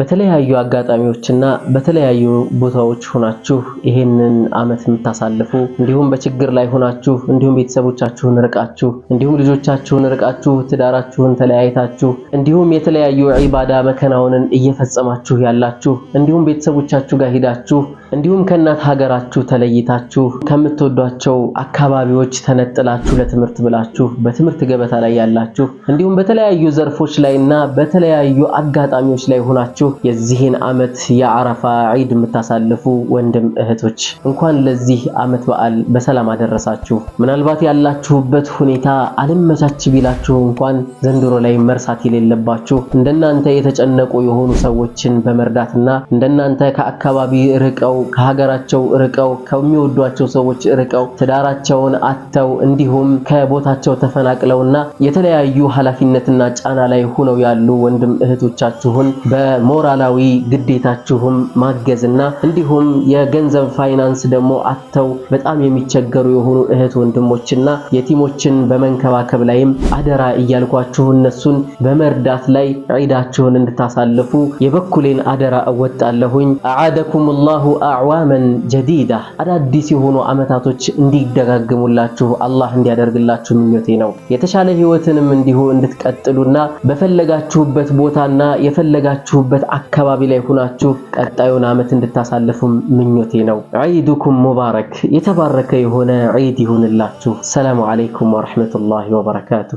በተለያዩ አጋጣሚዎችና በተለያዩ ቦታዎች ሆናችሁ ይሄንን ዓመት የምታሳልፉ እንዲሁም በችግር ላይ ሆናችሁ እንዲሁም ቤተሰቦቻችሁን ርቃችሁ እንዲሁም ልጆቻችሁን ርቃችሁ ትዳራችሁን ተለያይታችሁ እንዲሁም የተለያዩ ዒባዳ መከናወንን እየፈጸማችሁ ያላችሁ እንዲሁም ቤተሰቦቻችሁ ጋር ሂዳችሁ እንዲሁም ከእናት ሀገራችሁ ተለይታችሁ ከምትወዷቸው አካባቢዎች ተነጥላችሁ ለትምህርት ብላችሁ በትምህርት ገበታ ላይ ያላችሁ እንዲሁም በተለያዩ ዘርፎች ላይ እና በተለያዩ አጋጣሚዎች ላይ ሆናችሁ የዚህን ዓመት የአረፋ ዒድ የምታሳልፉ ወንድም እህቶች እንኳን ለዚህ ዓመት በዓል በሰላም አደረሳችሁ። ምናልባት ያላችሁበት ሁኔታ አልመቻች ቢላችሁ እንኳን ዘንድሮ ላይ መርሳት የሌለባችሁ እንደናንተ የተጨነቁ የሆኑ ሰዎችን በመርዳትና እንደናንተ ከአካባቢ ርቀው ተሰደው ከሀገራቸው ርቀው ከሚወዷቸው ሰዎች ርቀው ትዳራቸውን አጥተው እንዲሁም ከቦታቸው ተፈናቅለውና የተለያዩ ኃላፊነትና ጫና ላይ ሆነው ያሉ ወንድም እህቶቻችሁን በሞራላዊ ግዴታችሁም ማገዝና እንዲሁም የገንዘብ ፋይናንስ ደግሞ አጥተው በጣም የሚቸገሩ የሆኑ እህት ወንድሞችና የቲሞችን በመንከባከብ ላይም አደራ እያልኳችሁ እነሱን በመርዳት ላይ ዒዳችሁን እንድታሳልፉ የበኩሌን አደራ እወጣለሁኝ። አዓደኩም አላሁ አዕዋመን ጀዲዳ አዳዲስ የሆኑ ዓመታቶች እንዲደጋግሙላችሁ አላህ እንዲያደርግላችሁ ምኞቴ ነው። የተሻለ ህይወትንም እንዲሁ እንድትቀጥሉና በፈለጋችሁበት ቦታና የፈለጋችሁበት አካባቢ ላይ ሆናችሁ ቀጣዩን ዓመት እንድታሳልፉም ምኞቴ ነው። ዒዱኩም ሙባረክ፣ የተባረከ የሆነ ዒድ ይሁንላችሁ። ሰላሙ ዓለይኩም ወረሕመቱላሂ ወበረካቱ።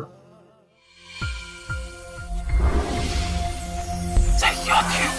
Take